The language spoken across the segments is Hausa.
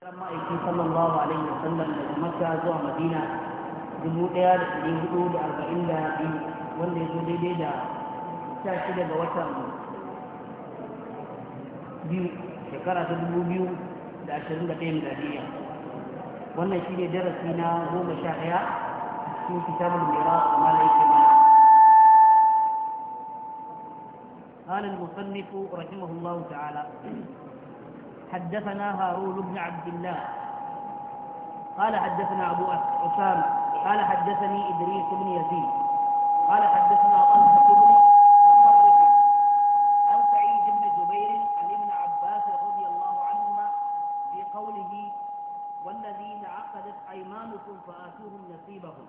kan ma'aiki sallallahu alaihi wa sallam daga makka zuwa madina dubu ɗaya da ɗari hudu da arba'in da biyu wanda ya zo daidai da sha shida ga watan biyu shekara ta dubu biyu da ashirin da ɗaya wannan shi ne darasi na goma sha ɗaya cikin kitabul mira malaikin mana قال المصنف رحمه الله تعالى حدثنا هارون بن عبد الله قال حدثنا أبو أسامة قال حدثني إدريس بن يزيد قال حدثنا طلحة بن عن سعيد بن جبير عن ابن عباس رضي الله عنهما في قوله والذين عقدت أيمانكم فآتوهم نصيبهم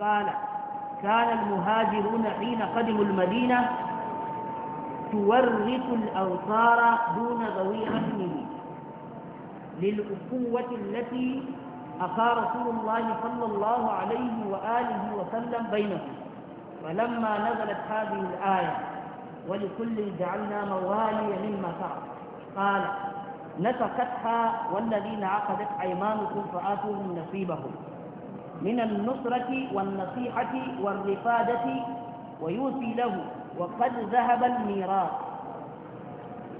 قال كان المهاجرون حين قدموا المدينة تورث الأوصار دون ذوي رحمه للأخوة التي أخى رسول الله صلى الله عليه وآله وسلم بينهم ولما نزلت هذه الآية ولكل جعلنا موالي مما فعل قال نسكتها والذين عقدت أيمانكم فآتوهم نصيبهم من النصرة والنصيحة والرفادة ويوصي له وقد ذهب الميراث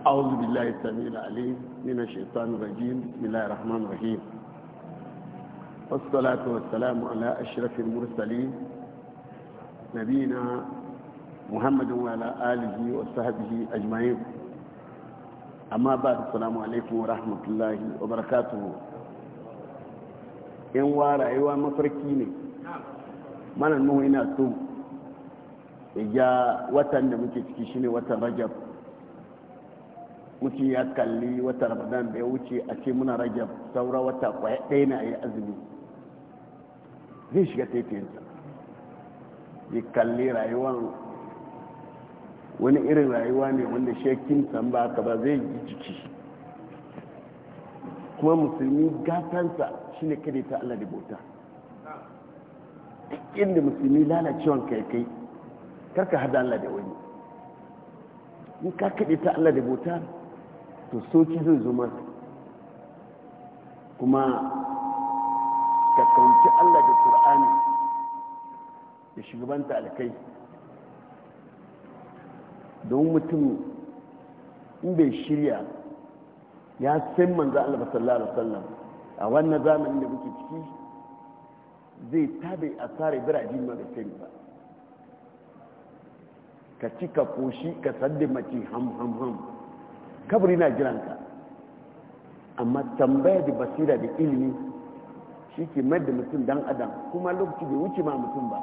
أعوذ بالله السميع العليم من الشيطان الرجيم بسم الله الرحمن الرحيم والصلاة والسلام على أشرف المرسلين نبينا محمد وعلى آله وصحبه أجمعين أما بعد السلام عليكم ورحمة الله وبركاته إن وارع ومفركيني نعم. ما نموه إنا سوء ya watan da muke ciki shine watan rajab mutum ya kalli watan ramadan da ya wuce a ce muna rajab saura wata kwaya ɗaya na yi azumi zai shiga taitiyarsa ya kalli rayuwar wani irin rayuwa ne wanda shekin san ba ka ba zai yi ciki kuma musulmi gatansa shine kada ta Allah da bauta inda musulmi lalacewan kai kai karka hada Allah da wani in ka kaɗe ta Allah da bauta to soki zai zo masa kuma ka kaunci Allah da Kur'ani da shugabanta alkai don mutum in bai shirya ya san manzo Allah sallallahu alaihi wasallam a wannan zamanin da muke ciki zai tabe asare biraji ma ba ka ci ka koshi ka saddi mace ham ham ham kabri na jiranka amma tambaya da basira da ilimi shi ke madda mutum dan adam kuma lokaci bai wuce ma mutum ba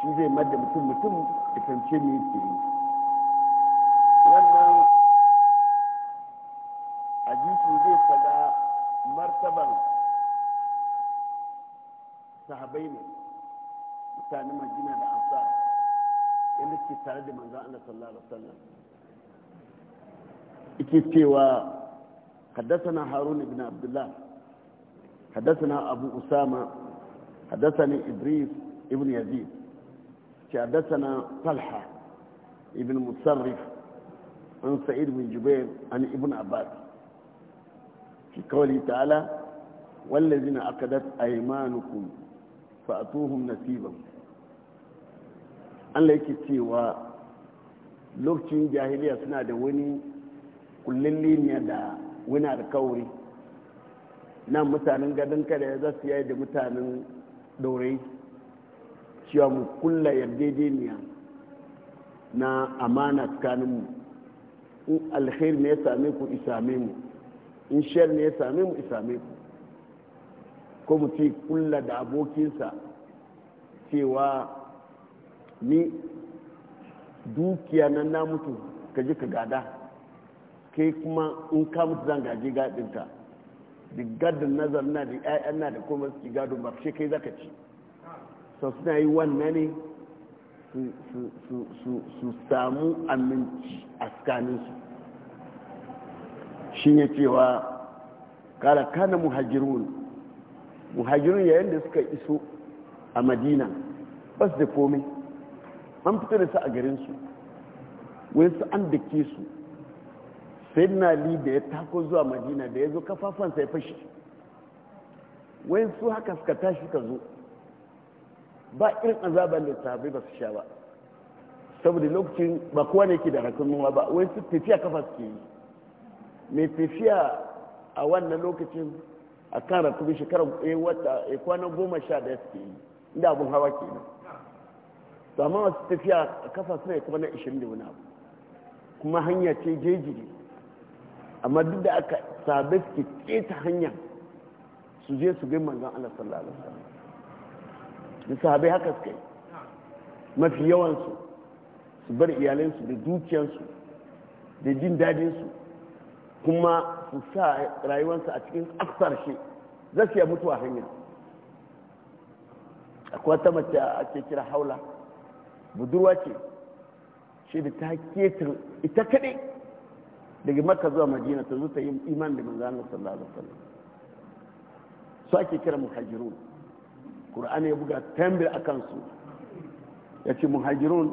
shi zai madda mutum mutum da fahimce ne ke yi wannan hadisi zai faga martaban sahabai ne mutanen majina da ansar inda ke tare da manzan Allah sallallahu alaihi حدثنا هارون بن عبد الله حدثنا أبو أسامة حدثني إدريس بن يزيد حدثنا طلحة بن مصرف عن سعيد بن جبير عن ابن عباس في قوله تعالى والذين عقدت أيمانكم فأتوهم نسيبهم allah yake cewa lokacin jahiliya suna da wani kullum liniya da wani alkawari na mutanen gadon kada za su yayi da mutanen daurai cewa mu kulla yarjejeniya na amana tsakaninmu in alkhair ne ya same ku isame mu in shayar ne ya same mu isame ku ko mu ce kulla da abokinsa cewa ni dukiya nan na mutu ka ji ka gada kai kuma in ka mutu zan gaji gadinta da gadin nazar na da ƴaƴan na da kuma suke gado ba shi kai zaka ci so suna yi wannan ne su samu aminci a tsakaninsu shi ne cewa kala kana muhajirun muhajirun yayin da suka iso a madina ba da komai an fito da su a garin su wai su an dake su sai na li da ya tako zuwa madina da ya zo kafafansa ya fashe wai su haka suka tashi ka zo ba irin azaban da sahabai ba su sha ba saboda lokacin ba kowa ne ke da rakun noma ba wai su tafiya kafa suke yi mai tafiya a wannan lokacin a kan rakumi shekarar eh, eh, kwanan goma sha daya suke yi inda abin hawa kenan to amma wasu tafiya a kafa suna kuma na 20 da wani abu kuma hanya ce jejiri amma duk da aka sabe suke ta hanya su je su gan manzan ala sallallahu da sahabai haka suka yi mafi yawansu su bar iyalinsu da dukiyansu da jin dadinsu kuma su sa rayuwarsu a cikin aksar za su yi mutu hanya akwai ta mace ake kira haula budurwa ce shi da ta ketar ita kaɗai daga maka zuwa madina ta zo ta yi iman da manzo Allah sallallahu alaihi wasallam su ake kira muhajirun qur'ani ya buga tambayar akan su yace muhajirun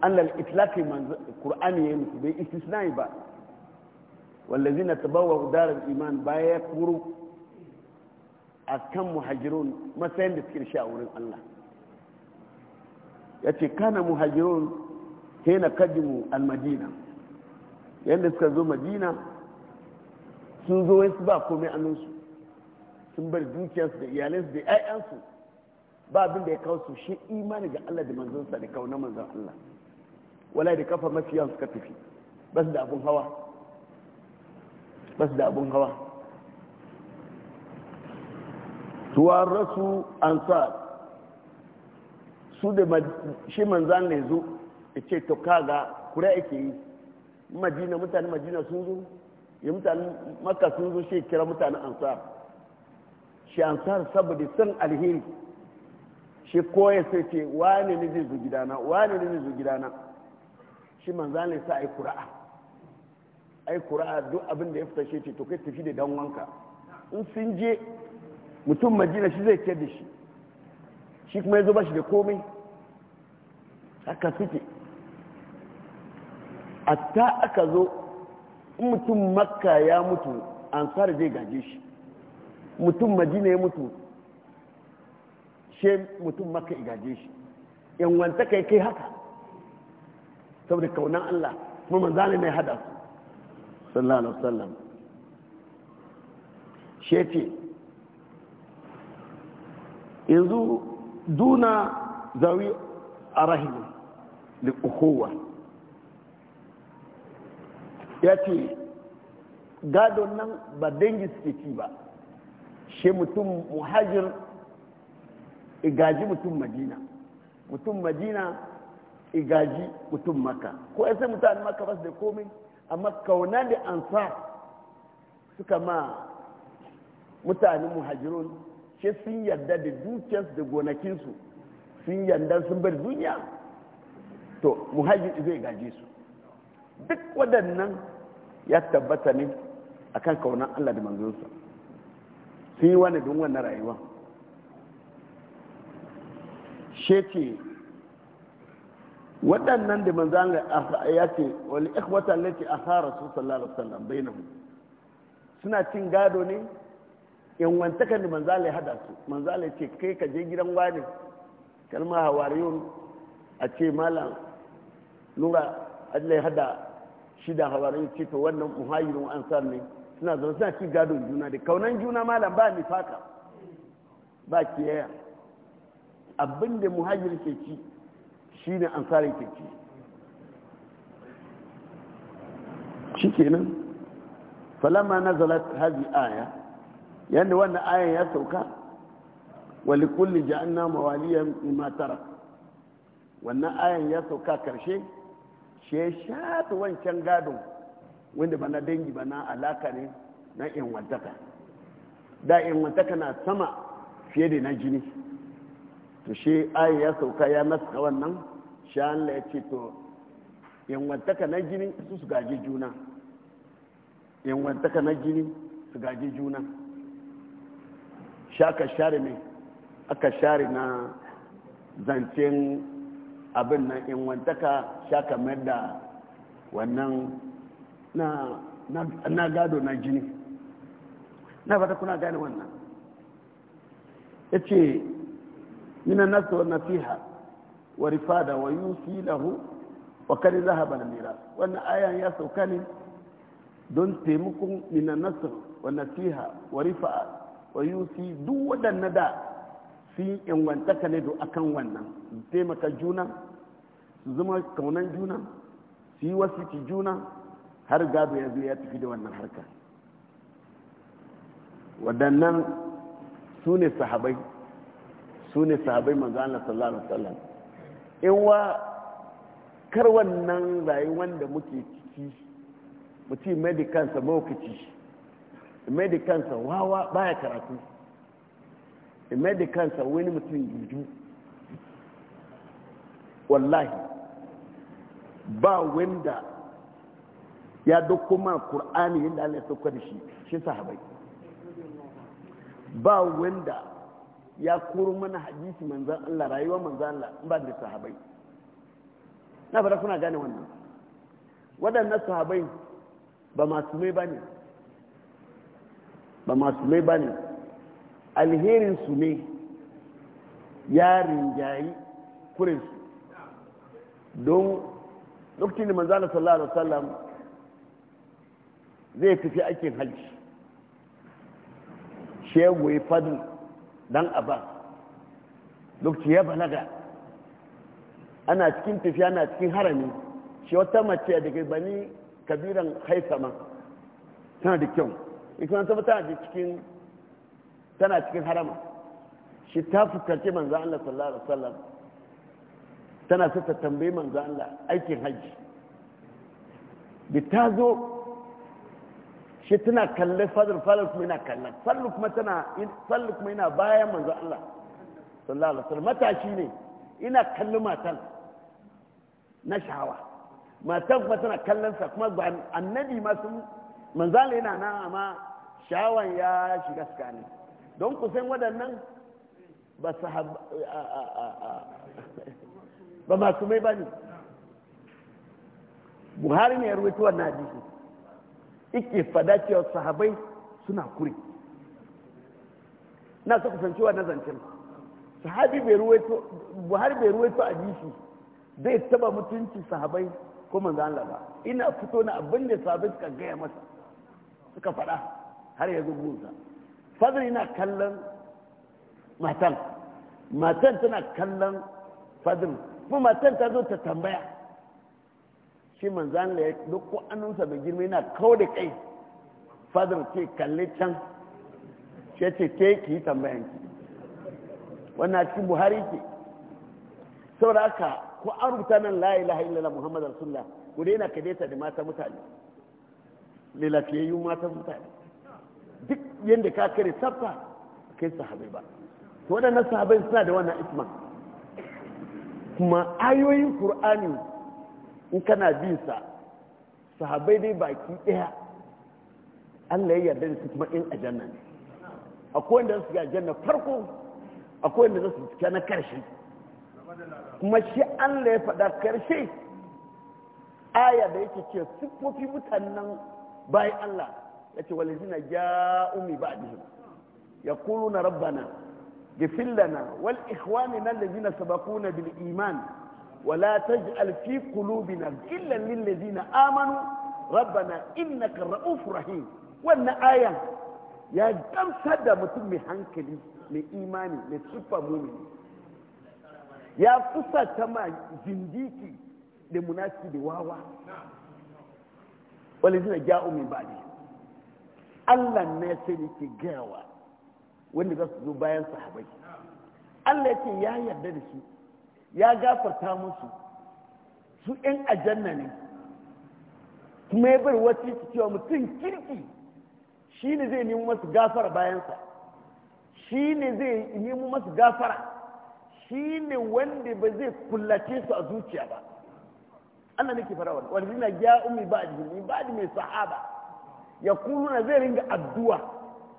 Allah al-itlaq manzo qur'ani ya musu bai istisnai ba wallazina tabawwa'u daral iman baya kuru akan muhajirun matsayin da suke a wurin Allah ya ce kana muhajirun hena kajimu almadina yadda suka zo madina sun zo wasu ba komai annunsu sun bar dukiyarsu da iyalinsu da 'ya'yansu ba abin da ya kawo su shi imani ga Allah da manzonsa da kauna manzon Allah wala da kafa mafiya suka tafi bas da abun hawa bas da abun hawa tuwar rasu ansar su da shi manzan ne zo ya ce to kaga kura yake yi madina mutane madina sun zo ya mutane maka sun zo shi kira mutane ansar shi ansar saboda san alheri shi koya sai ce wane ne zai zo gidana wane ne zai zo gidana shi manzan ne sa a kura'a a kura'a duk abin da ya fita shi ce to kai tafi da dan wanka in sun je mutum madina shi zai ce da shi shi kuma ya zo ba shi da komai haka suke a ta aka zo mutum makka ya mutu ansar zai gaje shi mutum majina ya mutu shi mutum makka ya gaje shi ka kai kai haka saboda kaunan allah kuma manzana mai hada su sallallahu alaihi wasallam she ce yanzu duna zawi a rahimi da kowa ya ce gadon nan ba dangi suke ci ba shi mutum muhajir igaji mutum madina mutum madina igaji mutum maka ko ya mutane maka ba su da amma kauna ansa suka ma mutane muhajirun ce sun yarda da dukiyarsu da gonakinsu sun yarda sun bar duniya to muhajir zai gaje su duk waɗannan ya tabbata ne kan kaunar Allah da manzonsa sun yi wani don wannan rayuwa ce waɗannan da manzan ya ce wani ikhwata lati a harasu sallallahu alaihi wasallam bainahu suna cin gado ne yan wantakan da manzala ya hada su manzala ya ce kai ka je gidan wani kalma hawariyun a ce malam nura allai ya hada shida hawariyun ce ta wannan muhayirin sa ne suna zama suna ci gadon juna da kaunan juna malam ba ni faka ba kiyaya abin da muhajir ke ci shi ne ansarin ke ci shi kenan falama nazalat hazi aya yadda wannan ayan ya sauka wali kulli ja'anna mawaliyan mimma tarak wannan ayan ya sauka karshe shi ya shafi wancan gadon wanda ba na dangi ba na alaka ne na yan wantaka da yan wantaka na sama fiye da na jini to shi ayan ya sauka ya naska wannan shi Allah ya ce to inwantaka na jini su su gaji juna inwantaka na jini su gaji juna shi aka share mai aka share na zancen abin nan in wantaka shaka mayar da wannan na gado na jini na fata kuna gani wannan ya ce mina nasa wa nasiha wa rifada wa yusi lahu wa kari zahaba na mira wannan ayan ya sauka ne don taimakon mina nasa wa nasiha wa rifa'a wa duk waɗanda da su yi ingantaka ne a akan wannan su taimaka juna su zama kaunan juna su yi wasu ci juna har gado ya zo ya tafi da wannan harka waɗannan su ne sahabai su ne sahabai manzo sallallahu wasallam in wa kar wannan rayuwar da muke ciki mutum mai da kansa mawukaci mai kansa wawa baya karatu mai kansa wani mutum gudu wallahi ba wanda ya dauko kur'ani yadda Allah ya sauka da shi shi sahabai ba wanda ya koro mana hadisi manzan Allah rayuwa manzan Allah ba da sahabai na fara kuna gane wannan waɗannan sahabai ba masu mai ba ne ba mai ba ne alherinsu ne ya rinjayi kurinsu don lokacin da manzana sallallahu alaihi wasallam zai tafi aikin hajji shehu ya fadin dan ba lokacin ya balaga ana cikin tafiya ana cikin harami shi wata mace daga bani kabiran haisama tana da kyau ikon sama tana cikin tana cikin harama shi ta fuskanci manzo Allah sallallahu alaihi wasallam tana so ta tambayi manzo Allah aikin hajji bi ta zo shi tana kalle fadar fadar kuma ina kallon sallu kuma tana sallu kuma yana bayan manzo Allah sallallahu alaihi wasallam matashi ne ina kalli matan na shahawa matan kuma tana kallansa kuma annabi ma sun manzo Allah yana nan amma shawan ya shiga tsakani don kusan waɗannan ba su ba masu mai ba ne buhari ne ya rubuta wannan hadisi ike fada cewa sahabai suna kure na su kusanci wannan zancen sahabi bai ruwaito buhari bai ruwaito hadisi zai taba mutunci sahabai ko manzo laba ina fito na abin da sahabai suka gaya masa suka fada har ya gunsa fadl yana kallon matan matan tana kallon fadl kuma matan ta zo ta tambaya shi manzan da ya dukko annunsa mai girma yana kawo da kai fadl ce kalli can ce ce ke ki yi ki wannan cikin buhari ke saboda haka ko an rubuta nan la lahi illallah muhammadu rasulullah ku daina kadaita da mata mutane lilafiyayyun mata mutane yadda ka kare a kai sahabai ba to waɗannan sahabai suna da wannan isma kuma ayoyin kur'ani in kana bin sa sahabai dai baki ɗaya Allah ya yarda da su kuma in ajanna ne akwai wanda su ga janna farko akwai wanda su cika na karshe kuma shi Allah ya faɗa karshe aya da yake ce siffofi mutanen bayan Allah التي والذين جاءوا من بعدهم يقولون ربنا اغفر لنا ولاخواننا الذين سبقونا بالايمان ولا تجعل في قلوبنا الا للذين امنوا ربنا انك رؤوف رحيم وان ايه يا كم سدى متم حنكلي من ايماني من سوبر مؤمن يا فسا كما زنديكي لمناسب واوا والذين جاءوا من بعدهم Allah ne sai da ke gawa wanda za su zo bayan sahabai Allah yake ya yarda da su ya gafarta musu su ɗan ajanna ne kuma ya bar wata cewa mutum kirki shi ne zai nemi masu gafara bayansa shi ne zai nemi masu gafara shi ne wanda ba zai kullace su a zuciya ba Allah nake fara wani wani zina ya umi ba da mai sahaba ya kuma zai ringa addu'a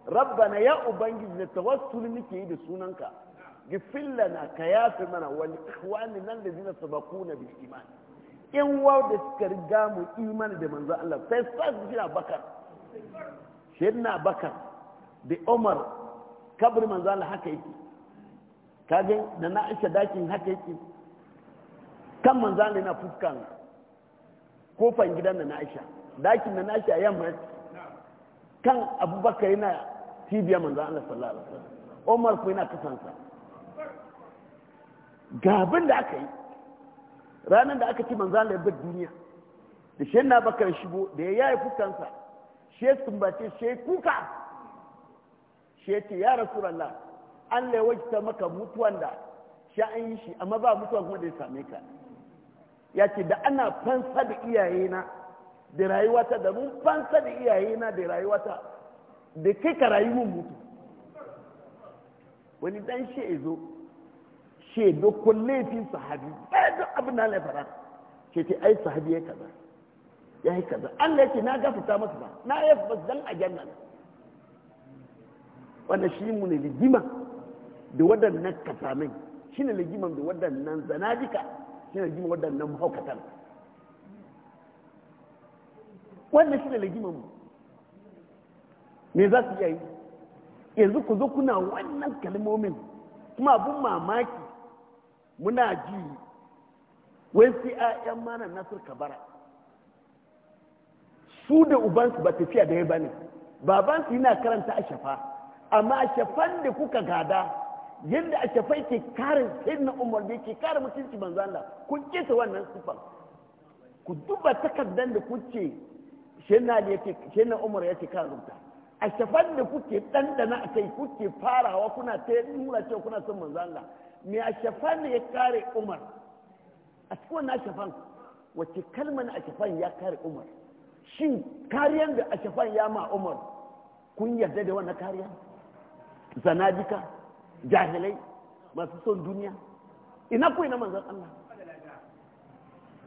rabbana ya ubangiji da tawassul muke yi da sunanka gifilla na ka yafi mana wani ikhwani nan da zina na bil iman in wau da suka riga mu iman da manzo Allah sai sai su shira bakar na bakar da Umar kabri manzo Allah haka yake kage da na Aisha dakin haka yake kan manzo Allah na fuskan kofan gidan da na Aisha dakin da na Aisha yamma kan abubakar yana cibiya manzan Allah sallallahu alaihi wasallam Umar ku yana kasansa abin da aka yi ranar da aka ci manzan Allah ya duniya da shi na bakar shigo da ya yi fuskansa shi ya sumbace shi ya kuka shi ya ce ya an Allah ya wajita maka mutuwan da sha an yi shi amma ba mutuwan kuma da ya same ka ya ce da ana fansa da iyayena da rayuwata da mun fansa da iyayena da rayuwata da kai ka rayu mun mutu wani dan shi ya zo she dokon laifin sahabi ɗaya duk abin da Allah fara ce ce ai sahabi ya kaza ya yi kaza Allah yake na gafarta masu ba na yi ba dan a jannan wanda shi mu ne ligima da waɗannan kasamai shi ne ligiman da waɗannan zanadika shi ne ligiman waɗannan mahaukatan wannan shi ne lagiman mu me za su iya yi yanzu ku zo kuna wannan kalmomin kuma abun mamaki muna ji wai sai a yan mana nasir kabara su da ubansu ba tafiya da ya bane babansu yana karanta a shafa amma a shafan da kuka gada yadda a shafa yake karin na umar da yake kare mutunci manzo Allah kun kesa wannan sufan. ku duba takardar da kuke shi na umar ya ce kan rubuta a shafan da kuke ɗanɗana a kai kuke farawa kuna ta nuna cewa kuna son manzo Allah me a shafan da ya kare umar a cikin wannan shafan wace kalmar a shafan ya kare umar shin kariyar da a shafan ya ma umar kun yarda da wannan kariya zanadika jahilai masu son duniya ina ku ina manzan Allah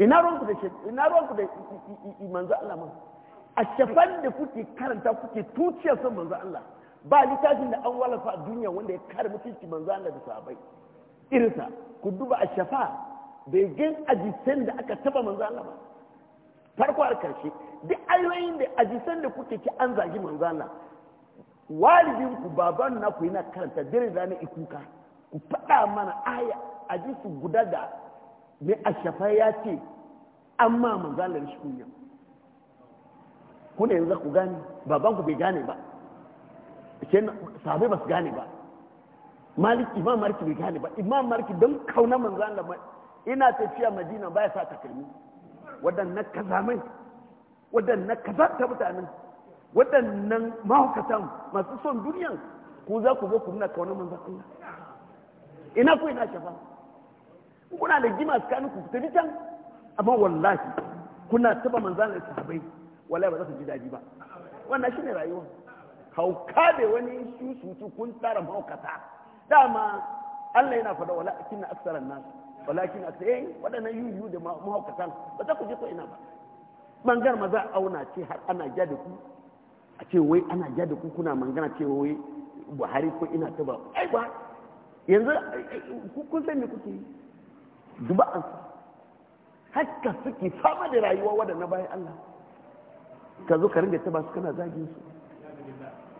ina ruwanku da manzan Allah ma a shafan da kuke karanta kuke tuciya son manzo Allah ba littafin da an wallafa a duniya wanda ya kare mutunci manzo Allah da sahabbai irinsa ku duba a shafa bai gan ajisan da aka taba manzo Allah ba farko har karshe duk ayoyin da ajisan da kuke ci an zagi manzo Allah walidin ku baban na ku yana karanta dare da na ikuka ku faɗa mana aya ajisu guda da mai ashafa ya ce amma manzo Allah shi kunya ku yanzu ku gane babanku bai gane ba sahabai ba su gane ba malik imam marki bai gane ba imam marki don kauna manzan da ina tafiya madina baya sa takalmi waɗannan kazamai waɗannan ta mutanen waɗannan mahaukatan masu son duniyan ku za ku zo ku nuna kauna manzan Allah ina ku ina shafa kuna da gima kanu ku tafi can amma wallahi kuna taba manzan da sahabai wallahi ba za su ji daji ba wannan shine rayuwa hauka da wani susutu kun tara maukata dama Allah yana faɗa kinna aksaran nas walakin aksar eh waɗannan yuyu da mahaukatan ba za ku je ko ina ba mangar maza auna ce har ana ja da ku a ce wai ana ja da ku kuna mangana ce wai Buhari ko ina ta ba ai ba yanzu kun san me kuke duba an haka suke fama da rayuwa waɗannan bayan Allah ka zo ka ringa taba su kana zagin su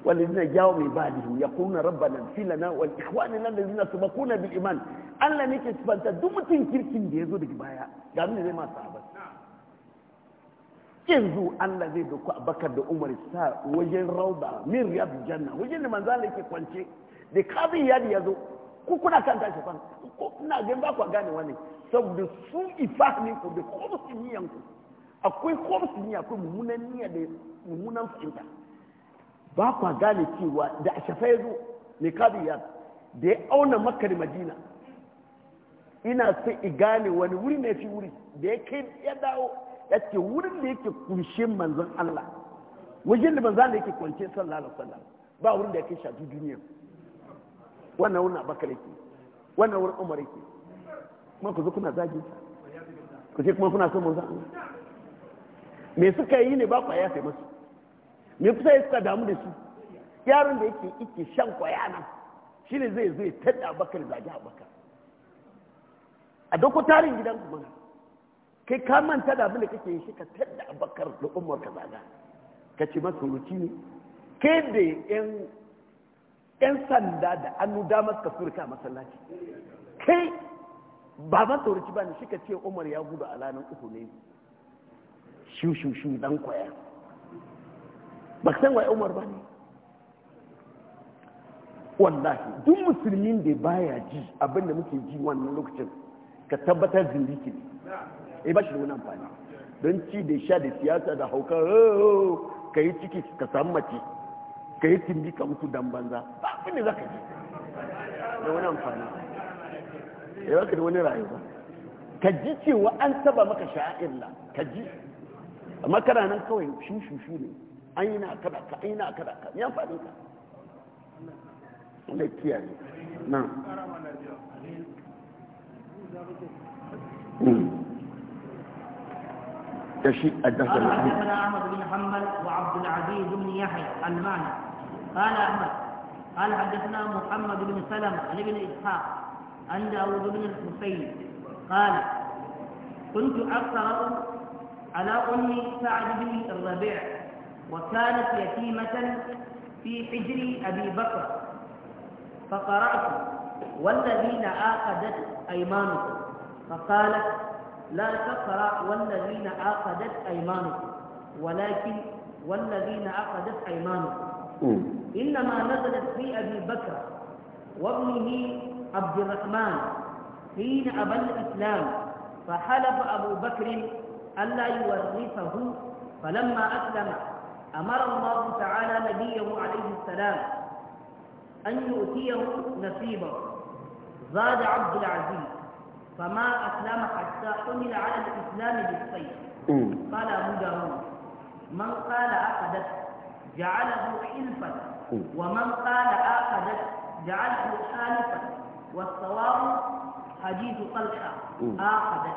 والذين جاءوا من بعدهم يقولون ربنا اغفر لنا ولاخواننا الذين سبقونا بالايمان Allah ne ke sifanta duk mutum kirkin da ya zo daga baya ga mun zai ma sahaba yanzu Allah zai a Abakar da Umar sa wajen rauda min riyadul janna wajen da manzan Allah yake kwance da kabin yadi ya zo ku kuna kan tashi fan ko ina ga ba ku gane wani saboda su ifahmin ku da kuma su niyan ku akwai ne akwai mummunan niyya da mummunan fahimta ba kwa gane cewa da a shafa ya zo mai kadu ya da ya auna makar da madina ina sai i gane wani wuri ne fi wuri da ya kai ya dawo ya ce wurin da yake kunshe manzon Allah wajen da manzon da yake kwance sallallahu alaihi wasallam ba wurin da yake shafi duniya wannan wurin abakar yake wannan wurin umar yake kuma ku zo kuna zagi ku ce kuma kuna son manzon Allah me suka yi ne ba ya sai masu me kusa ya suka damu da su yaron da yake ike shan kwaya nan shi ne zai zai tada bakar zage a bakar a doko tarin gidan kuma kai ka manta da abin da kake yi shi ka tada bakar da umar ka zaga ka ce masu ruci ne kai da yan sanda da annu damar ka surka masallaci kai ba masu ruci ba ne shi ka ce umar ya gudu a ranar uku ne shu shu dan kwaya ba san wa umar ba ne wallahi duk musulmin da baya ji abinda muke ji wannan lokacin ka tabbatar zindiki ne eh ba shi da wani amfani don ci da sha da siyasa da hauka oh, oh, ka yi ciki ka samu mace ka yi tumbi ka mutu dan banza ba abin da za ka ji da wani amfani ya eh, ka da wani rayuwa ka ji cewa an saba maka sha'a'illa ka ji ما kana nan kawai شو شو aina kada أين aina kada ka ya faɗi ka wanda kiyaye na تشيء الدهر حدثنا احمد بن حنبل وعبد العزيز بن يحيى المعنى قال احمد قال حدثنا محمد بن سلمه عن ابن اسحاق عن داوود بن الحسين قال كنت اقرا على أم سعد بن الربيع وكانت يتيمة في حجر أبي بكر فقرأت والذين عاقدت أيمانكم فقالت لا تقرأ والذين عاقدت أيمانكم ولكن والذين عقدت أيمانكم إنما نزلت في أبي بكر وابنه عبد الرحمن حين أبى الإسلام فحلف أبو بكر ألا يورثه فلما أسلم أمر الله تعالى نبيه عليه السلام أن يؤتيه نصيبه زاد عبد العزيز فما أسلم حتى حمل على الإسلام بالسيف قال أبو داود من قال أخذت جعله حلفا ومن قال أخذت جعله حالفا والصواب حديث طلحة أخذت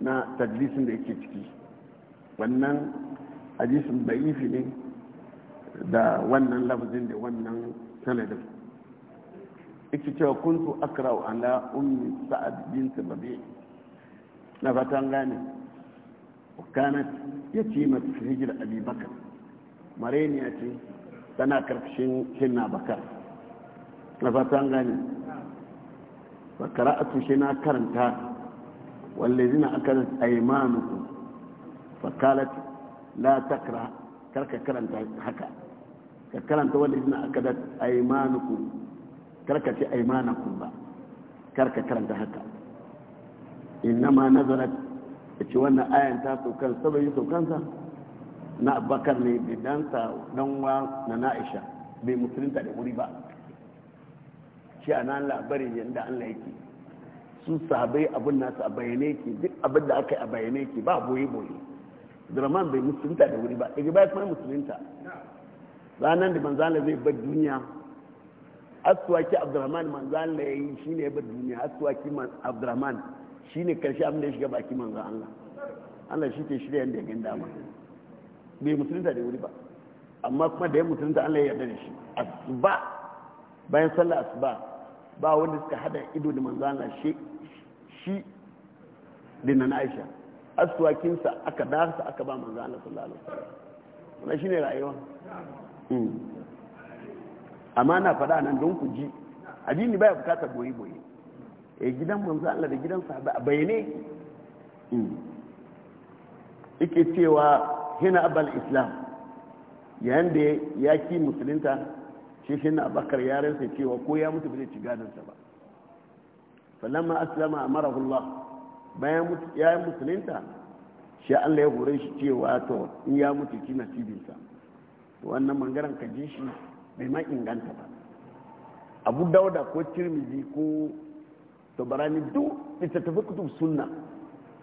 na tadlisin da yake ciki wannan hadisin da'ifi ne da wannan lafazin da wannan sanadin yake cewa kuntu akra'u ala ummi sa'ad bin rabi na fatan gane wa kanat yatima fi hijr abi bakr mareniya ce tana karkashin shinna bakar na fatan gane fa qara'atu shi na karanta والذين أكلت أيمانكم فقالت لا تكره كرك كرنت حكا كرنت والذين أكلت أيمانكم كركت أيمانكم با كرك كرنت حكا إنما نزلت تشوانا آية تاتو كان سبب يسو كانسا na abubakar ne da dansa danwa na na'isha bai musulunta da wuri ba shi a nan labarin yadda allah yake su sabai abin nasu a bayyane ke duk abin da aka yi a bayyane ke ba boye-boye zurman bai musulunta da wuri ba daga baya kuma musulunta ranar da manzala zai bar duniya aswaki abdurrahman manzala ya yi shi ne ya bar duniya aswaki abdurrahman shi ne karshe abin da ya shiga baki manzan allah allah shi ke shirya yadda ya gan dama bai musulunta da wuri ba amma kuma da ya musulunta allah ya yarda da shi asuba bayan sallah asuba ba wanda suka hada ido da manzana shi shi da na aisha aswakinsa aka darsa aka ba manzo Allah sallallahu alaihi wasallam wannan shine rayuwa hmm. amma na fada nan don ku ji addini baya bukatar boye boye eh gidan manzo Allah da gidan sahaba bayane bayyane hmm. yake cewa hina abal islam yayin da ya ki musulunta shi shi na abakar yaransa cewa ko ya mutu bai ci gadonsa ba falamma aslama amarahu Allah bayan ya yi musulunta shi Allah ya hore shi cewa to in ya mutu ki nasibinsa wannan mangaren ka shi bai ma inganta ba abu dauda ko tirmizi ko tabarani duk littattafai kutub sunna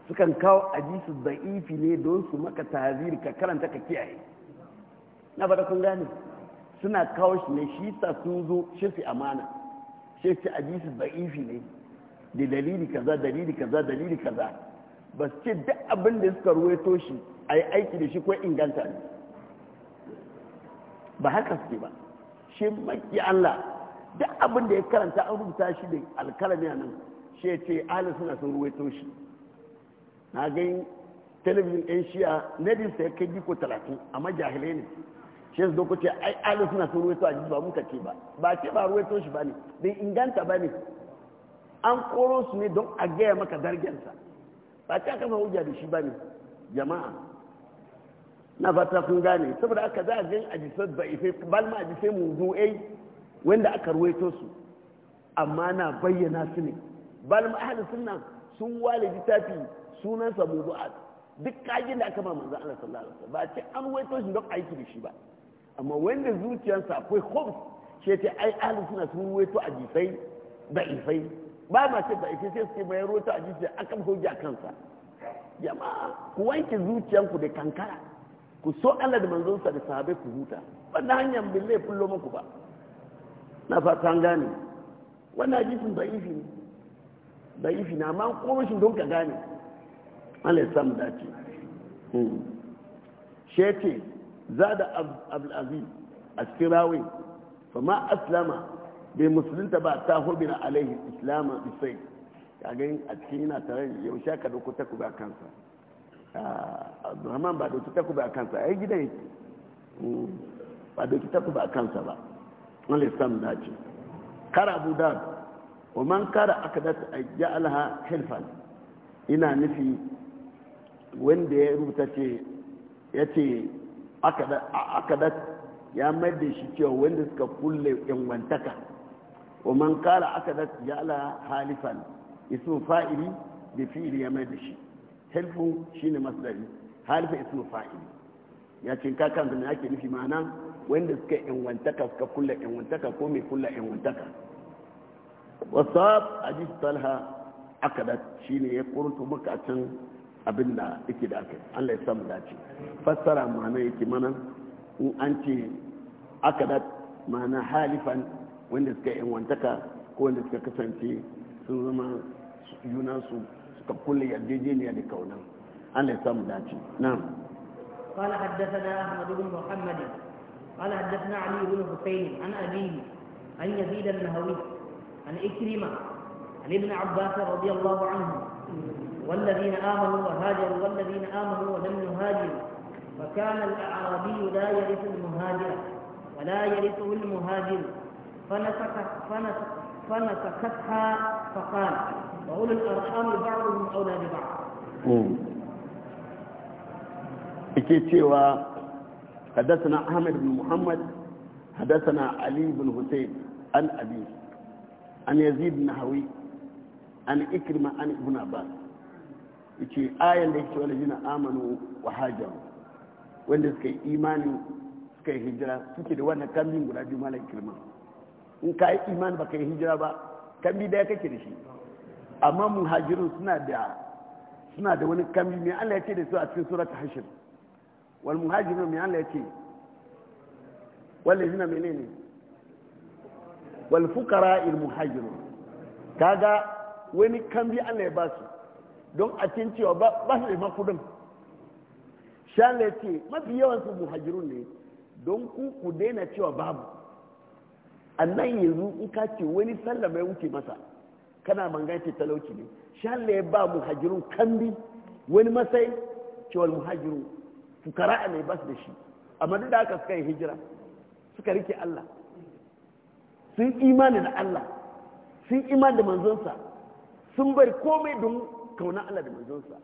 sukan kawo ajisu da'ifi ne don su maka taziri ka karanta ka kiyaye na fata gane suna kawo shi ne shi sa sun zo shi amana shi su ajisu da'ifi ne da dalili kaza dalili kaza dalili kaza ba su ce duk abin da suka ruwaito shi a yi aiki da shi ko inganta ne ba haka suke ba shi maki Allah duk abin da ya karanta an rubuta shi da alkalami a nan shi ya ce ahli suna sun ruwaito shi na gani telebijin ɗin shiya nadi sai kai biko talatin amma jahilai ne shi su dokoce ai ahli suna sun ruwaito a ba muka ce ba ba ce ba ruwaito shi ba ne bai inganta ba ne an koro su ne don a gaya maka dargensa ba ta kama hujja da shi ba ne jama'a na fata kun gane saboda aka za a gan ajisar ba ife balma ajisai mu wanda aka ruwaito su amma na bayyana su ne balma ahalin sunna sun wale littafi sunansa mu zuwa duk kagin da aka ba manzan Allah sallallahu alaihi ba ce an ruwaito shi don aiki da shi ba amma wanda zuciyarsa akwai homs shi ce ai ahalin suna sun ruwaito jisai da ifai ba ma ce ba ita sai su ce bayan rota a jisiyar akan hujja kansa jama'a ku wanke zuciyanku da kankara ku so Allah da manzonsa da sahabai ku huta wannan hanyar bin laifin fullo muku ba na fata an gane wannan hadisin da'ifi ne da'ifi na amma ko shi don ka gane Allah ya samu dace hmm. shi ce za da a cikin rawin fa ma aslama bai musulunta ba ta hobina alaihi islamun isai kagan a cikin yana tare yau sha ka dauko takuba kansa ah, abdurrahman ba dauki takuba kansa ai gidan yake hmm, ba dauki takuba kansa ba wani sam dace kara abu da wa man kara aka dasa a ja'alha hilfan ina nufi wanda ya rubuta ce ya ce aka ya mai da shi cewa wanda suka kulle yanwantaka ومن قال عقدت جعلها حالفا اسم فاعل بفعل يمدش حلف شيء مصدري حالف اسم فاعل ya ce ka kan zama ake nufi ma'ana wanda suka inwantaka suka kulla inwantaka ko mai kulla inwantaka wasab aji talha akadat shine ya kurtu maka can abin da yake da aka Allah ya mu dace fassara ma'ana yake mana in an ce akadat ma'ana halifan wanda suka yi wantaka ko wanda suka kasance sun zama su suka kulle yarjejeniya da kauna Allah ya samu dace na'am قال حدثنا احمد بن محمد قال حدثنا علي بن حسين عن ابيه عن يزيد النهوي عن إكرمة عن ابن عباس رضي الله عنه والذين آمنوا وهاجروا والذين آمنوا ولم يهاجروا فكان الأعرابي لا يرث المهاجر ولا يرثه المهاجر فنسكتها فقال وأولي الأرحام بعضهم أولى ببعض ake cewa حدثنا أحمد بن محمد حدثنا علي بن حسين عن أبي عن يزيد بن هوي عن إكرمة عن ابن عباس yace ayan da yake wani jina amanu wa wanda suka yi imani suka yi hijira suke da wannan kambin guda biyu malar kirma in ka yi imani baka yi hijira ba kambi daya kake da shi amma muhajirun suna da suna da wani kambi mai Allah ya ce da su a cikin surat hashir wal muhajirun mai Allah ya ce wallazina menene wal fukara al muhajirun kaga wani kambi Allah ya ba su don a cin cewa ba su da makudin shan ya ce mafi yawan su muhajirun ne don ku ku daina cewa babu a nan yanzu in ka ce wani sallama ya wuce masa kana mangance talauci ne shi Allah ya ba muhajirun kambi wani masai cewa muhajiru fukara a mai basu da shi amma duk da aka suka yi hijira suka rike Allah sun imani da Allah sun imani da manzonsa sun bari komai don kauna Allah da manzonsa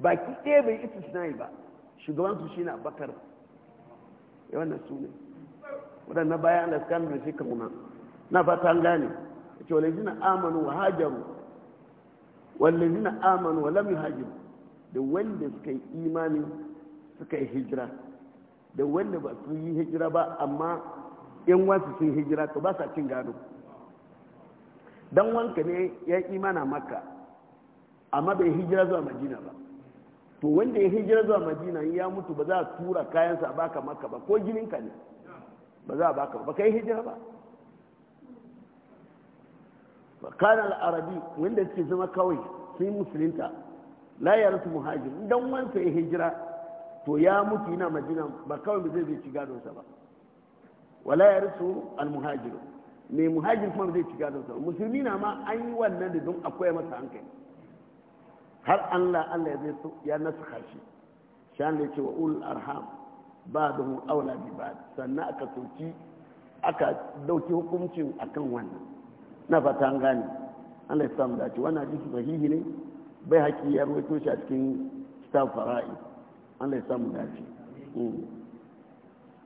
baki ɗaya bai yi ba shugabansu bakar yawan eh, wannan sunan waɗannan bayan da suka nuna shi kauna na fata an gane a ce zina amanu wa hajaru zina amanu wa Lamu Hajaru da wanda suka yi imani suka yi hijira da wanda ba su yi hijira ba amma yan wasu sun hijira to ba sa cin gado dan wanka ne ya imana maka amma bai hijira zuwa madina ba to wanda ya hijira zuwa madina ya mutu ba za a tura kayansa a baka maka ba ko jininka ne ba za a baka ba kai hijira ba kanar arabi wanda suke zama kawai sun yi la ya rasu muhajir don wansa ya hijira to ya mutu yana majina ba kawai ba zai ci gadonsa ba wa ya rasu almuhajir mai muhajir kuma zai ci gadonsa musulmi na ma an yi wannan da don akwai masa hankali har allah allah ya nasu kashi shan da ce wa ul arham ba da aula bi ba sannan aka soki aka dauki hukuncin akan wannan na fata an gane Allah ya samu dace wannan hadisi sahihi ne bai haƙi ya rawaito shi a cikin kitab fara'i Allah ya samu dace hmm.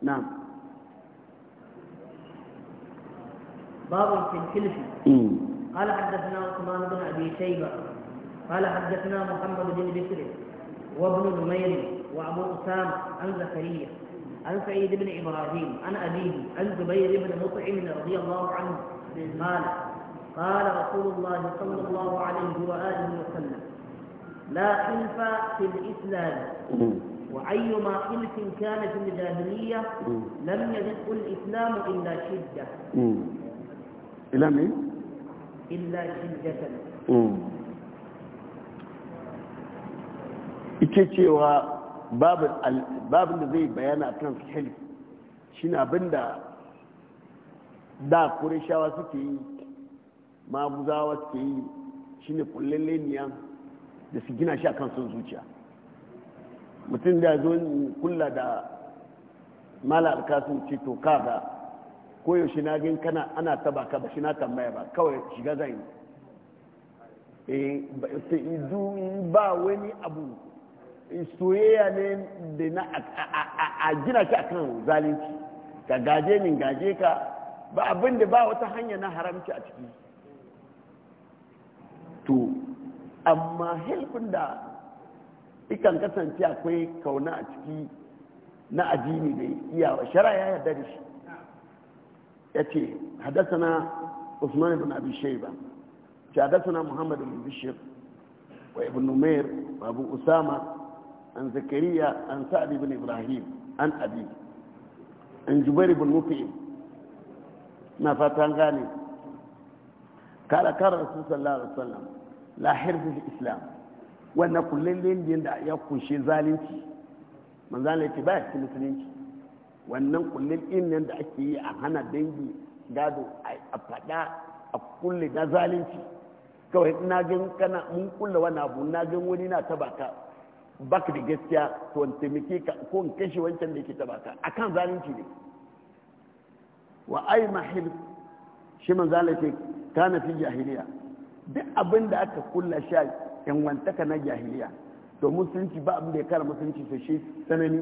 na'am باب في الكلف قال حدثنا عثمان بن ابي شيبه قال حدثنا محمد بن بكر وابن نمير وأبو أسامة عن زكريا عن سعيد بن إبراهيم عن أبيه عن زبير بن مطعم رضي الله عنه قال قال رسول الله صلى الله عليه وآله وسلم لا حلف في الإسلام وأيما حلف كان في الجاهلية لم يدق الإسلام إلا شدة إلا مين؟ إلا شدة امم babin da zai bayana kan hilf shi na abin da da kurishawa suke yi maguzawa suke yi shi ne kullum leniya da su gina shi a kan sun zuciya mutum da zo kula da mala alkasun ce to kaga koyaushe na gin kana ana taba ka ba shi na tambaya ba kawai shiga zan yi ba wani abu soyayya ne da na a gina shi a akan zalunci ka gaje min gaje ka ba abin da ba wata hanya na haramci a ciki to amma hilfin da ikan kasance akwai kauna a ciki na addini da iyawa shara ya yarda da shi ya ce haddasa na usman ibn abi shaiba ce haddasa na muhammadu bishir wa ibn umair wa usama عن زكريا عن سعد بن إبراهيم عن أبي عن جبير بن مطعم ما فاتان غاني قال قال رسول صلى الله عليه وسلم لا حرف في الإسلام وأن كل اللي يقول شيء ظالمتي من ذلك ba shi musulunci wannan kullum innan da ake yi a hana dangi gado a fada a kulle na zalunci kawai na gan kana mun kulle wani abu na gan wani na taba ka baka da gaskiya to taimake ka ko in kashe wancan da yake taba ka kan zalunci ne wa ai mahil shi man ta na fi jahiliya duk abin da aka kulla sha yan wantaka na jahiliya to musulunci ba abin da ya kara musulunci sai shi sanani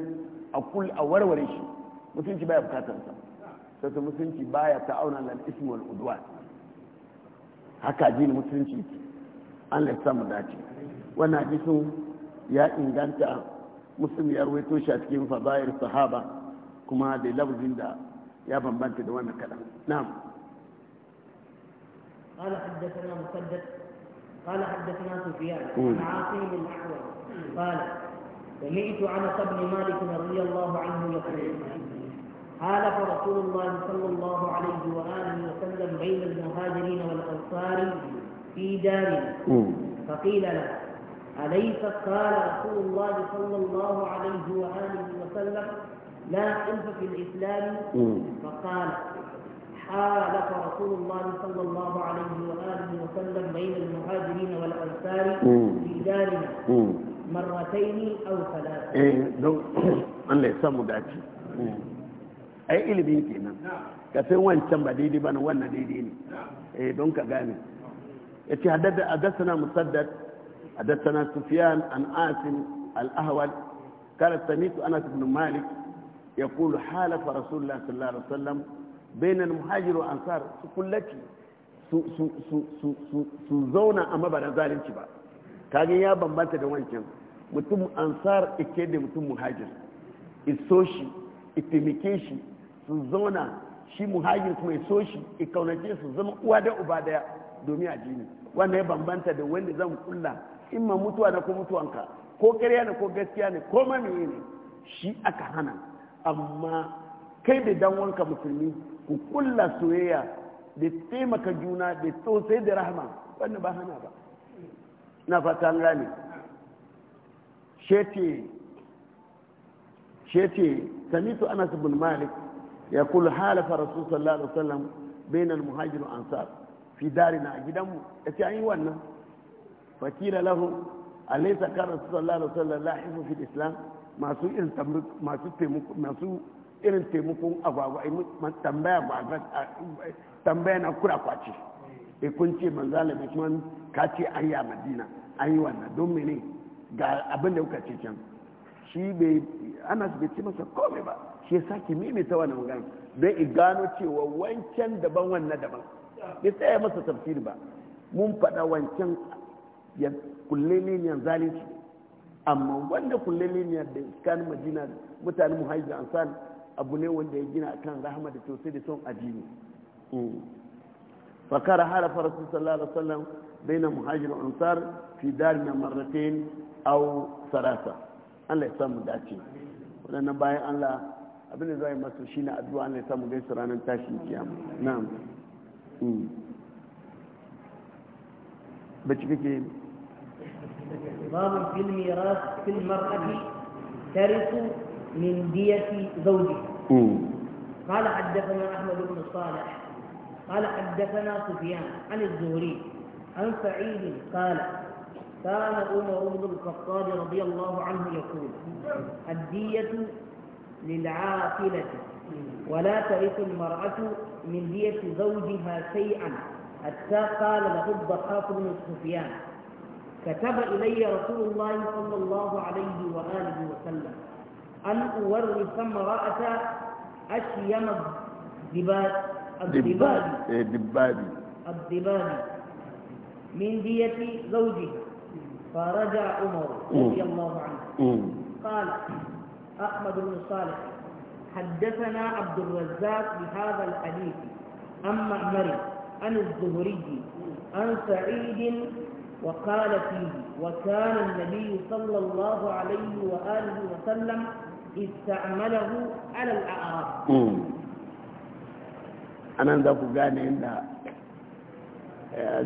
a kul a warware shi musulunci baya bukatar sa sai musulunci baya ta'auna lan ismi wal udwan haka jini musulunci an lissamu dace wannan hadisin يا inganta muslim ya rawaito shi a cikin fadair sahaba kuma da lafzin da ya bambanta da wannan kadan قال حدثنا مسدد قال حدثنا سفيان عن عاصم الاحول قال سمعت انس بن مالك رضي الله عنه يقول حالف رسول الله صلى الله عليه واله وسلم بين المهاجرين والانصار في دار فقيل له أليس قال رسول الله صلى الله عليه وآله وسلم لا أنف في الإسلام فقال حالف رسول الله صلى الله عليه وآله وسلم بين المهاجرين والأنصار في دارنا مرتين أو ثلاثة إيه دو الله يسمو داتي ai ilimi kenan kafin wancan ba daidai ba na wannan daidai ne eh don ka gane حدثنا سفيان عن عاصم الأهول قال سمعت أنس بن مالك يقول حالف رسول الله صلى الله عليه وسلم بين المهاجر والأنصار سكلتي su zauna amma ba da zalunci ba kagin ya bambanta da wancan mutum ansar ike da mutum shi shi su zauna shi muhajir kuma iso shi ikaunace su zama uwa da uba daya domin addini wanda ya bambanta da wanda zan kulla in ma mutuwa na ko mutuwanka ko karya ne ko gaskiya ne ko ma ne shi aka hana amma kai da danwanka musulmi ku kulla soyayya da taimaka juna da sosai da rahama wannan ba hana ba na fata an gane shete samitu anas bin malik ya kula halafa rasul sallallahu alaihi wasallam bainal muhajir ansar fi darina a gidanmu yace an yi wannan fakila lahu alaysa kana alaihi wasallam lahifu islam masu irin masu taimako masu irin taimakon agwagwa tambaya agwagwa tambaya na kura kwace e kun ce manzo Allah kuma ka an yi a Madina an yi wannan don ga abin da kuka shi bai Anas bai ce masa komai ba shi ya sake maimaita wannan magana don i gano cewa wancan daban wannan daban bai tsaya masa tafsiri ba mun faɗa wancan kullum ne zalin su amma wanda kullum ne da iskanin madina mutane muhajji ansar abu ne wanda ya gina kan rahama da tosai da son addini mm. fakara harafa rasul sallallahu alaihi wasallam bai na muhajji da ansar fi dari na marnatin au sarasa an ya samu dace wadannan bayan an la abin da za yi masu shi na addu'a allah ya samu gaisa ranar tashin kiyama na'am mm. bacci kake باب في الميراث في المرأة ترث من دية زوجها قال حدثنا أحمد بن صالح قال حدثنا سفيان عن الزهري عن سعيد قال كان عمر بن الخطاب رضي الله عنه يقول الدية للعاقلة ولا ترث المرأة من دية زوجها شيئا حتى قال له الضحاك بن سفيان كتب إلي رسول الله صلى الله عليه وآله وسلم أن أورث امرأة أشيم الدبادي الدبادي إيه، الدبادي من دية زوجها فرجع عمر رضي الله عنه قال أحمد بن صالح حدثنا عبد الرزاق بهذا الحديث عن معمر عن الزهري عن سعيد وقال فيه وكان النبي صلى الله عليه وآله وسلم استعمله على الأعراب أنا ذاك قال إن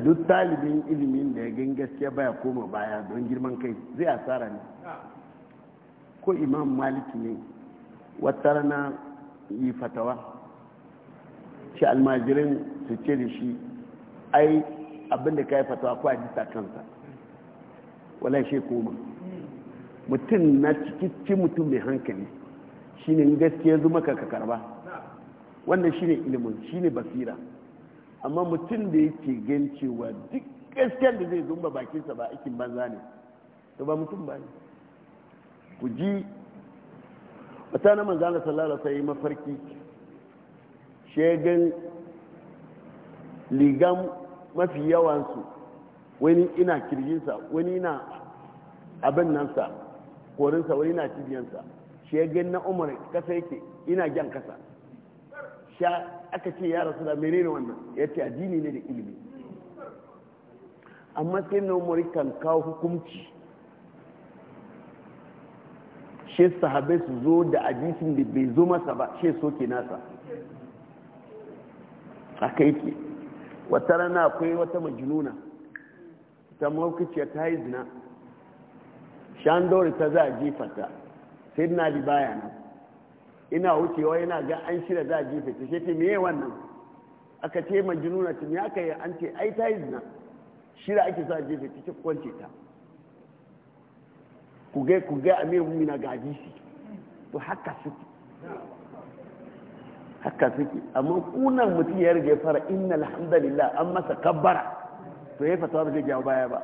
duk talibin ilimin da ya gan gaskiya baya koma baya don girman kai zai asara ne ko imam maliki ne wata rana yi fatawa shi almajirin su ce da shi ai abin ka yi fatawa ko hadisa kansa wala shi koma mutum na cikin mutum mai hankali shine gaskiya zuma ka karba wannan shine ilimin shine basira amma mutum da yake gan cewa duk gaskiyar da zai zumba bakinsa ba aikin banza ne to ba mutum ba ne ku ji wata na da sallara sai yi mafarki shegan ligam mafi yawansu wani ina kirjinsa wani ina abin nansa korinsa wani ina cibiyansa shi ya gani na umar kasa yake ina gyan kasa sha aka ce ya rasu da menene wannan ya ce addini ne da ilimi amma sai na umar kan kawo hukumci shi sahabai su zo da ajisin da bai zo masa ba shi soke nasa haka yake wata rana akwai wata majinuna ta maukaciya ta yi zina shandori ta za a jifata sai na di baya nan ina wucewa yana ga an shirya za a jifata shi ce meye wannan aka ce majinuna ta, me aka yi an ce ai ta yi zina shirya ake za a jifata ce kwanci ta ku ga amir mumina ga hadisi to haka suke haka suke amma kunan mutum ya rage fara inna alhamdulillah an masa kabbara to ya fatawa ba zai jawo baya ba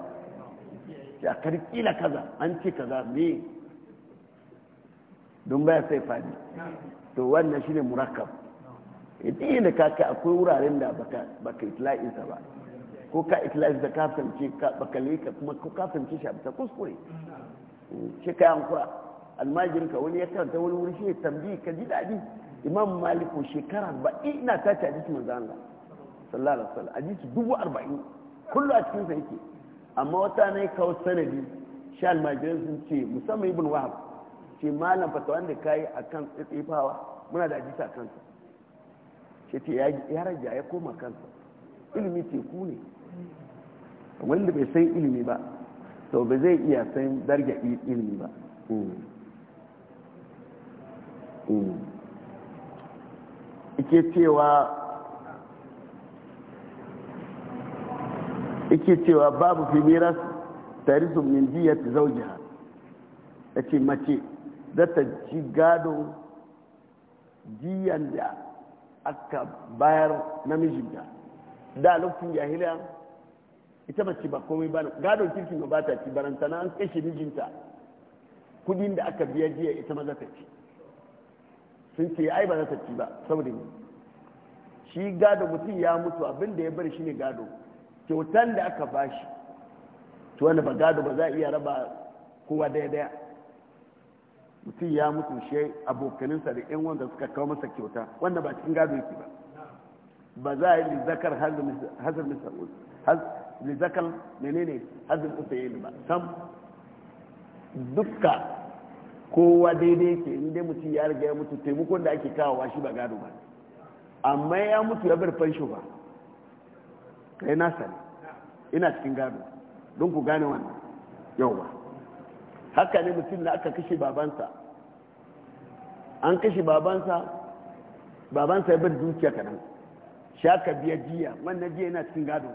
ya karkila kaza an ce kaza me don baya sai fadi to wannan shine murakkab idan da kaka akwai wuraren da baka baka itla'insa ba ko ka itla'insa da kafance ba kalle ka kuma ko kafance shi a bisa kuskure mm, shi ka yankura almajirinka wani ya karanta wani wuri shi ya tambayi ka ji daɗi imam malik shekara arba'in ina tace hadisi manzo Allah sallallahu alaihi wasallam hadisi dubu arba'in kullu a cikin sa yake amma wata ne kawo sanadi sha almajiran sun ce musamman ibn wahab ce malam fatawa wanda kayi akan tsitsifawa muna da hadisi akan sa ce ce ya raja ya koma kansa ilimi teku ne wanda bai san ilimi ba to ba zai iya san darga ilimi ba Mm. ike cewa ike cewa babu fi miras tarisu min diyat zawjiha yace mace za ta ci gado jiyan da aka bayar mijinta da lokacin jahiliya ita mace ba komai ba gadon kirkin ba ta ci barantana an kashe mijinta kudin da aka biya jiya ita ma za ta ci sun ce ai ba za ta ci ba saboda ne shi gado mutum ya mutu abin da ya bari shi ne gado kyautan da aka bashi to wanda ba gado ba za a iya raba kowa daya daya mutum ya mutu shi abokaninsa da yan wanda suka kawo masa kyauta wanda ba cikin gado yake ba ba za a yi lizakar hazar misal lizakar menene hazar usayen ba sam dukka kowa daidai ke inda mutum ya riga ya mutu taimakon da ake kawo shi ba gado ba amma ya mutu ya bar fansho ba kai na sani ina cikin gado don ku gane wannan yauwa haka ne mutum da aka kashe babansa an kashe babansa babansa ya bar dukiya kanan shaka biya jiya wannan jiya yana cikin gado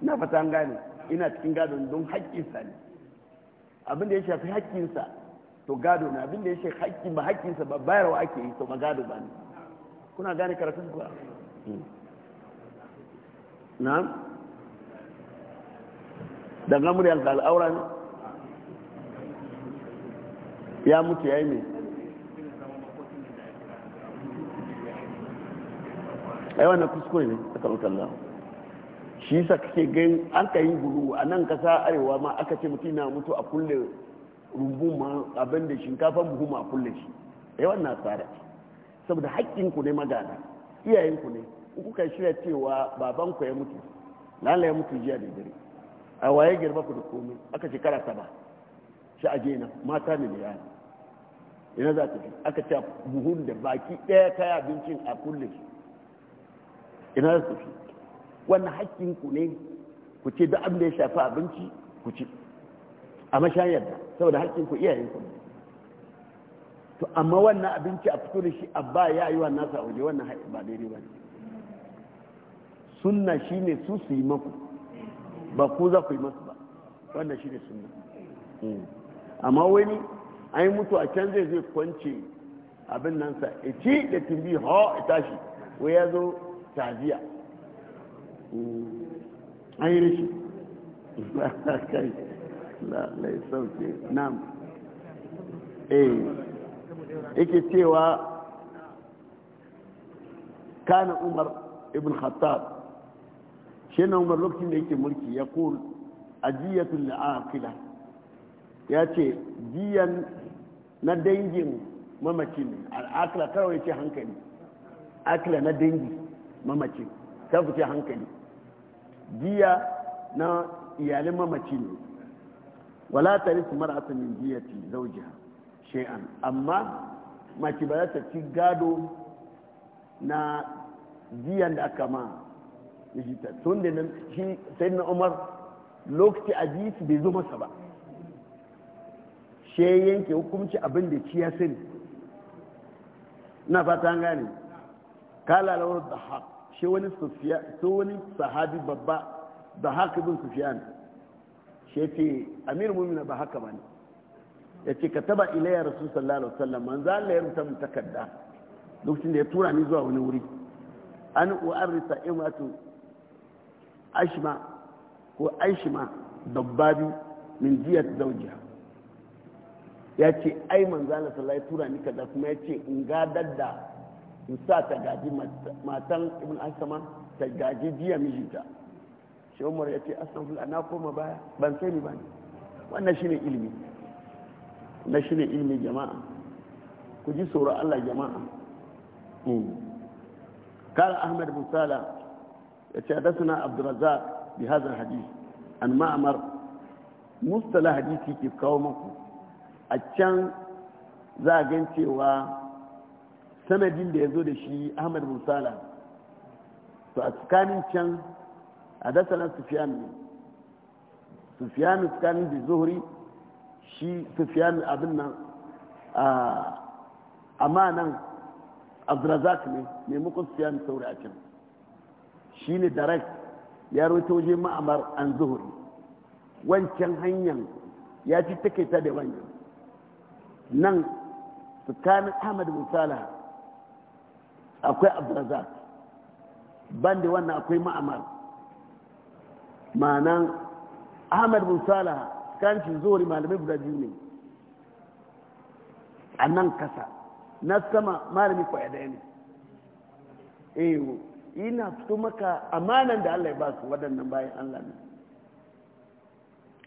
na fata an gane ina cikin gado don haƙƙinsa ne abin da ya shafi haƙƙinsa to gado na abin da ya shafi haƙƙin ba haƙƙinsa ba bayarwa ake yi to ba gado ba ne kuna gane karatun ba na daga muryar da al'aura ne ya mutu ya yi mai aiwa na kuskure ne a karukan lahu shi yasa kake ganin an ka yi gulu a nan kasa arewa ma aka ce mutum na mutu a kulle rumbun ma abin da shinkafan buhu ma a kulle shi yawan eh, na nasara saboda haƙƙin ku ne magana iyayen ku ne in kuka shirya cewa baban ku ya mutu lala ya mutu jiya da dare a waye girma ku da komai aka kara saba shi a jena mata ne da yana ina za ta fi aka ce buhun da baki ɗaya kaya abincin a kulle shi ina za ta fi wannan hakkin ne ku ce da abin da ya shafi abinci ku ci a mashayar da saboda hakkin iya iyayen ku to amma wannan abinci a fito da shi a ba ya yi wannan sa waje wannan ba daidai ba sunna ne su su yi maku ba ku za ku yi masu ba wannan shi ne sunna hmm. amma wani an yi mutu a can zai zai kwance abin nan sa ya ci da tumbi ha tashi wai ya zo taziya an yi rishi kai lai sauke nam eh yake cewa kana umar ibn khattab shi umar lokacin da yake mulki ya kul ajiyatul la'aqila ya ce jiyan na dangin mamacin al'akila kawai ce hankali akila na dangi mamacin ta fice hankali jiya na iyalin mamaci ne wala ta su mar'atu min jiyati zawjiha shay'an amma mace ba ta ci gado na jiyan da aka ma ta tun da shi sai na umar lokaci a su bai zo masa ba shi yanke hukunci abin da ci ya sani na fata gane kala lawar da haƙ ce wani sufiya wani sahabi babba da haka bin sufiyan shi ce amir mumina ba haka ba ne ya ce ka taba ilayya rasu sallallahu alaihi wasallam manzo Allah ya rubuta mun takarda lokacin da ya tura ni zuwa wani wuri an u'arrisa imatu ashma ko aishma dabbabi min jiyat zawjiha ya ce ai manzo Allah sallallahu alaihi tura ni kaza kuma ya ce in gadar da in sa ta gaji matan ibn asama ta gaji jiya mijinta shi umar ya ce asan na koma baya ban sani ba ne wannan shine ilimi na shine ilimi jama'a ku ji tsoron allah jama'a قال أحمد بن سالة يتحدثنا عبد الرزاق بهذا الحديث عن kawo maku, a can za a زاقين تيوا sanadin da ya zo da shi ahmad musala to a tsakanin can a na sufiyan ne sufiyan tsakanin da zuhuri shi sufiyan abin nan amma nan abdurazak ne maimakon sufiyan sauri a can shi ne direct ya rute waje ma'amar an zuhuri wancan hanyar ya ci takaita da wancan nan tsakanin ahmad musala akwai abdurrazak ban wannan akwai ma'amar ma'anan ahmad bin salah kancin zuwar malamai guda ne a nan kasa na sama malami kwaya daya ne ewu ina fito maka amanan da allah ya ba su waɗannan bayan allah ne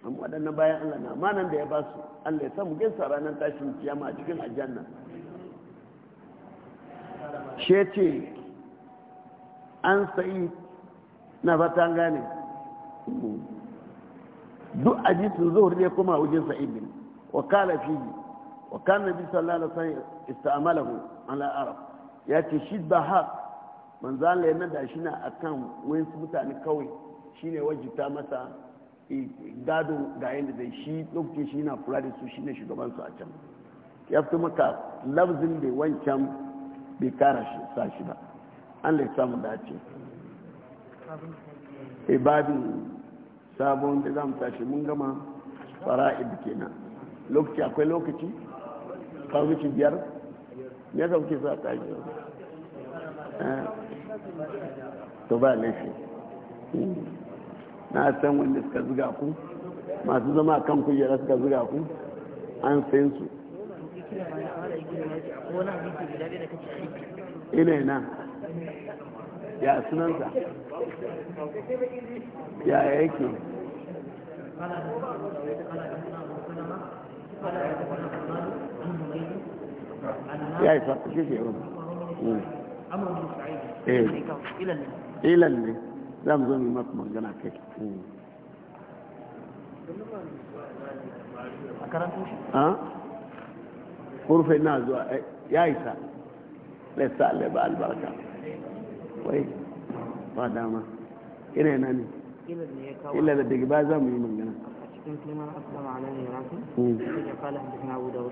amma waɗannan bayan allah ne amanan da ya ba su allah ya samu gaisa ranar tashin kiyama a cikin aljanna shi ce an sa'i na fatan gane duk a ji zuhur ne kuma wajen sa'ibin wa kala yi wa kan nabi sallallahu alaihi wasallam istamalahu ala arab ya ce shi ba ha manzo Allah yana da shi na akan wayan mutane kawai shine ta masa eh, gado ga yanda zai shi lokaci shi na kula da su shine shugaban su a can ya fito maka lafzin da wancan bai kara shi sa shi ba an lai samu dace e babin sabon da za mu tashi mun gama fara'id kenan lokaci akwai lokaci kawuci biyar ya ka kuke sa tashi eh, to ba laifi na san wanda suka zuga ku masu zama kan kujera suka zuga ku an sayin su ina na ya sunansa ya yake ya yi fata shi ke yau hmm. eh. ilan ne za mu zo mu mafi mangana kai hmm. a karantar shi kurfe na zuwa eh, ya isa lai sa albarka wai ba dama ina yana ne illa da daga ba za mu yi